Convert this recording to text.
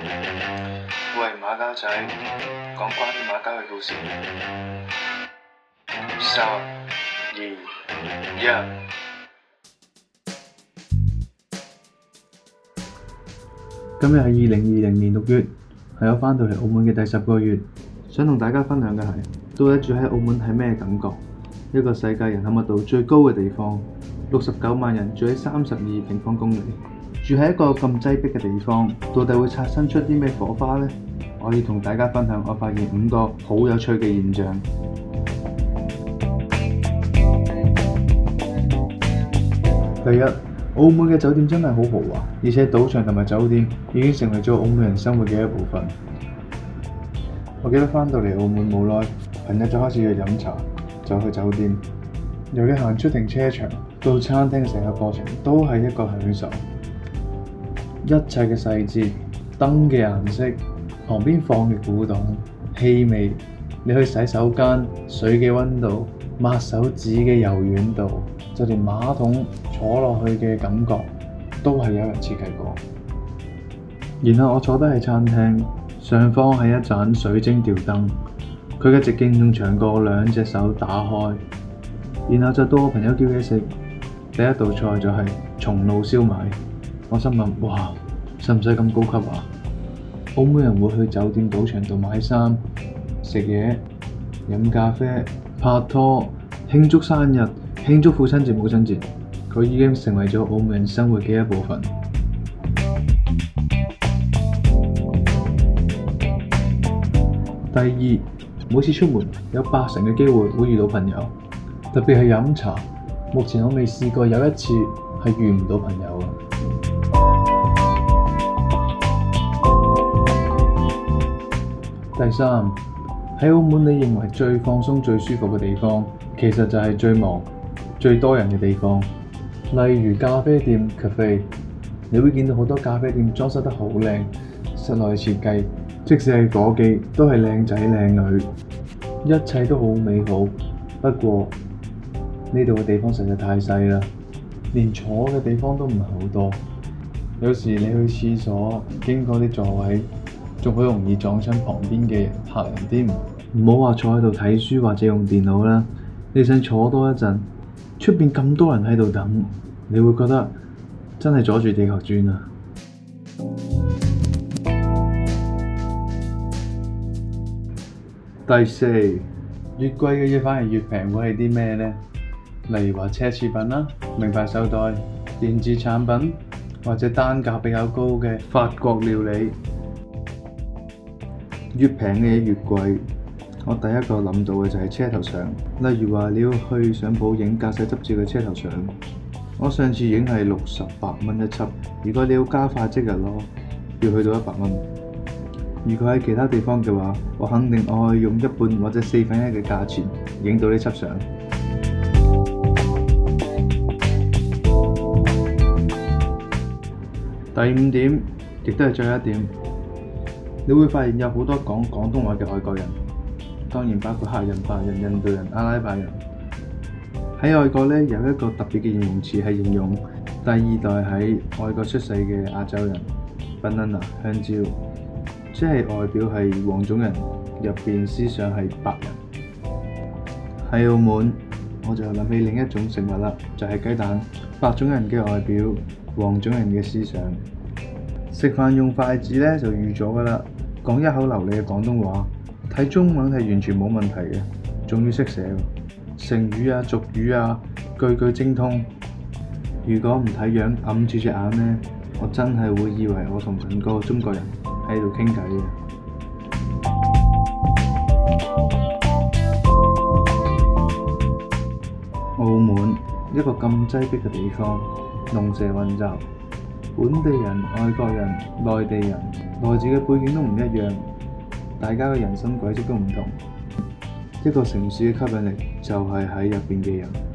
喂，馬交仔，講關於馬交嘅故事。三、二、一。今日係二零二零年六月，係我翻到嚟澳門嘅第十個月。想同大家分享嘅係，到底住喺澳門係咩感覺？一個世界人口密度最高嘅地方。六十九萬人住喺三十二平方公里，住喺一個咁擠迫嘅地方，到底會產生出啲咩火花呢？我要同大家分享，我發現五個好有趣嘅現象。第一，澳門嘅酒店真係好豪華，而且賭場同埋酒店已經成為咗澳門人生活嘅一部分。我記得返到嚟澳門冇耐，朋友就開始去飲茶，走去酒店。由你行出停車場到餐廳嘅成個過程，都係一個享受。一切嘅細節、燈嘅顏色、旁邊放嘅古董、氣味，你去洗手間水嘅溫度、抹手指嘅柔軟度，就連馬桶坐落去嘅感覺，都係有人設計過。然後我坐低喺餐廳，上方係一盞水晶吊燈，佢嘅直徑仲長過兩隻手，打開。然後就到我朋友叫嘢食，第一道菜就係松露燒賣。我心問，哇，使唔使咁高級啊？澳門人會去酒店、賭場度買衫、食嘢、飲咖啡、拍拖、慶祝生日、慶祝父親節、母親節，佢已經成為咗澳門人生活嘅一部分。第二，每次出門有八成嘅機會會遇到朋友。特別係飲茶，目前我未試過有一次係遇唔到朋友啊。第三喺澳門，你認為最放鬆、最舒服嘅地方，其實就係最忙、最多人嘅地方，例如咖啡店 （cafe）。你會見到好多咖啡店裝修得好靚，室內設計，即使係伙計都係靚仔靚女，一切都好美好。不過，呢度嘅地方實在太細啦，連坐嘅地方都唔係好多。有時你去廁所經過啲座位，仲好容易撞親旁邊嘅客人添。唔好話坐喺度睇書或者用電腦啦，你想坐多一陣，出邊咁多人喺度等，你會覺得真係阻住地球轉啊！第四，越貴嘅嘢反而越平，會係啲咩咧？例如話奢侈品啦、名牌手袋、電子產品或者單價比較高嘅法國料理，越平嘅嘢越貴。我第一個諗到嘅就係車頭相，例如話你要去相舖影駕駛執照嘅車頭相，我上次影係六十八蚊一輯。如果你要加快即日攞，要去到一百蚊。如果喺其他地方嘅話，我肯定我可以用一半或者四分一嘅價錢影到呢輯相。第五點，亦都係最後一點，你會發現有好多講廣東話嘅外國人，當然包括黑人、白人、印度人、阿拉伯人。喺外國呢，有一個特別嘅形容詞係形容第二代喺外國出世嘅亞洲人，banana 香蕉，即係外表係黃種人，入面思想係白人。喺澳門，我就諗起另一種食物啦，就係雞蛋，白種人嘅外表。黃種人嘅思想，食飯用筷子咧就預咗㗎喇。講一口流利嘅廣東話，睇中文係完全冇問題嘅，仲要識寫。成語啊、俗語啊，句句精通。如果唔睇樣子，揞住隻眼咧，我真係會以為我同緊個中國人喺度傾偈嘅。 澳門一個咁擠迫嘅地方。龍蛇混雜，本地人、外國人、內地人，來自嘅背景都唔一樣，大家嘅人生軌跡都唔同。一個城市嘅吸引力就係喺入邊嘅人。